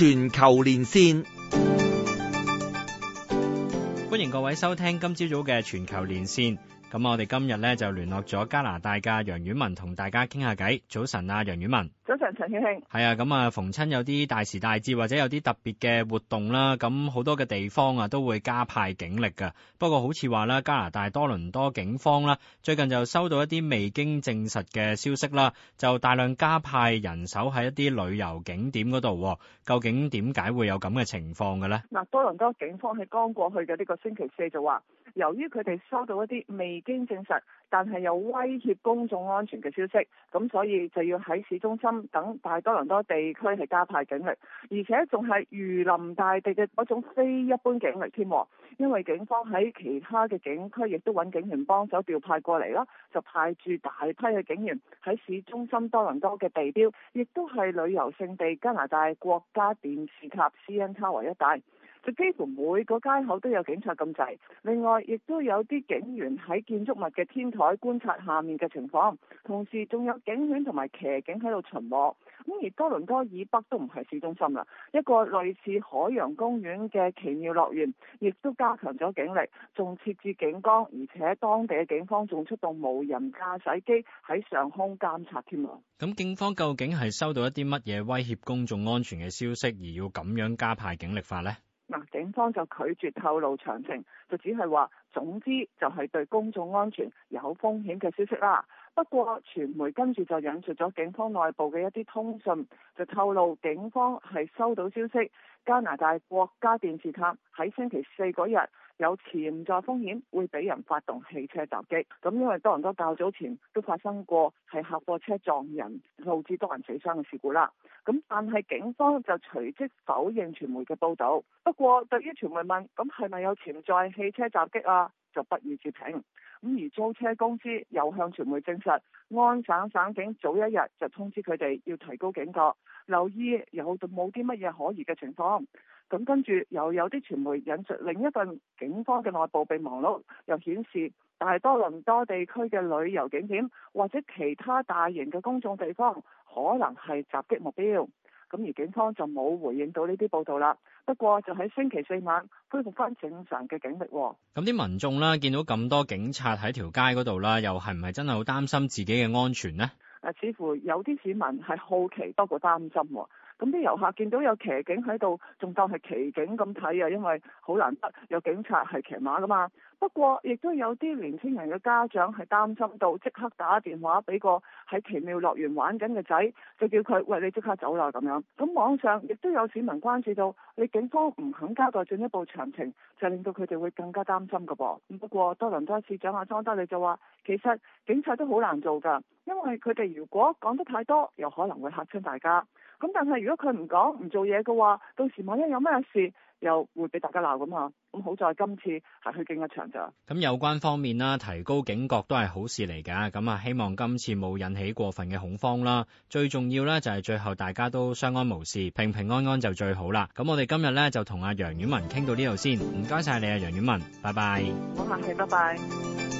全球連線，歡迎各位收聽今朝早嘅全球連線。咁我哋今日咧就聯絡咗加拿大嘅楊婉文同大家傾下偈。早晨啊，楊婉文。陳曉慶。係啊，咁啊逢親有啲大時大節或者有啲特別嘅活動啦，咁好多嘅地方啊都會加派警力噶。不過好似話啦，加拿大多倫多警方啦，最近就收到一啲未經證實嘅消息啦，就大量加派人手喺一啲旅遊景點嗰度。究竟點解會有咁嘅情況嘅咧？嗱，多倫多警方喺剛過去嘅呢個星期四就話，由於佢哋收到一啲未經證實，但係有威脅公眾安全嘅消息，咁所以就要喺市中心等大多倫多地區係加派警力，而且仲係如臨大敵嘅嗰種非一般警力添，因為警方喺其他嘅警區亦都揾警員幫手調派過嚟啦，就派住大批嘅警員喺市中心多倫多嘅地標，亦都係旅遊勝地加拿大國家電視塔 CN Tower 一帶。幾乎每個街口都有警察咁滯，另外亦都有啲警員喺建築物嘅天台觀察下面嘅情況，同時仲有警犬同埋騎警喺度巡邏。咁而多倫多以北都唔係市中心啦，一個類似海洋公園嘅奇妙樂園，亦都加強咗警力，仲設置警崗，而且當地嘅警方仲出動無人駕駛機喺上空監察添啊！咁警方究竟係收到一啲乜嘢威脅公眾安全嘅消息，而要咁樣加派警力法呢？嗱，警方就拒絕透露詳情，就只係話，總之就係對公眾安全有風險嘅消息啦。不過傳媒跟住就引述咗警方內部嘅一啲通訊，就透露警方係收到消息，加拿大國家電視塔喺星期四嗰日有潛在風險會俾人發動汽車襲擊。咁因為多倫多較早前都發生過係客貨車撞人，導致多人死傷嘅事故啦。咁但係警方就隨即否認傳媒嘅報導。不過對於傳媒問咁係咪有潛在汽車襲擊啊？就不予接聽。咁而租車公司又向傳媒證實，安省省警早一日就通知佢哋要提高警覺，留意有冇啲乜嘢可疑嘅情況。咁跟住又有啲傳媒引述另一份警方嘅內部備忘錄，又顯示大多倫多地區嘅旅遊景點或者其他大型嘅公眾地方可能係襲擊目標。咁而警方就冇回應到呢啲報道啦。不過就喺星期四晚恢復翻正常嘅警力哦。咁啲民眾啦，見到咁多警察喺條街嗰度啦，又係唔係真係好擔心自己嘅安全咧？誒，似乎有啲市民係好奇多過擔心哦。咁啲遊客見到有騎警喺度，仲當係騎警咁睇啊！因為好難得有警察係騎馬㗎嘛。不過亦都有啲年輕人嘅家長係擔心到，即刻打電話俾個喺奇妙樂園玩緊嘅仔，就叫佢，喂，你即刻走啦咁樣。咁網上亦都有市民關注到，你警方唔肯交代進一步詳情，就令到佢哋會更加擔心㗎噃。不過多倫多市長阿、啊、莊德利就話，其實警察都好難做㗎，因為佢哋如果講得太多，又可能會嚇親大家。咁但係如果佢唔講唔做嘢嘅話，到時萬一有咩事，又會俾大家鬧㗎嘛。咁好在今次係虛驚一場咋。咁有關方面啦，提高警覺都係好事嚟㗎。咁啊，希望今次冇引起過分嘅恐慌啦。最重要咧就係最後大家都相安無事，平平安安就最好啦。咁我哋今日咧就同阿楊婉文傾到呢度先，唔該晒你啊，楊婉文，拜拜。好，唔該，拜拜。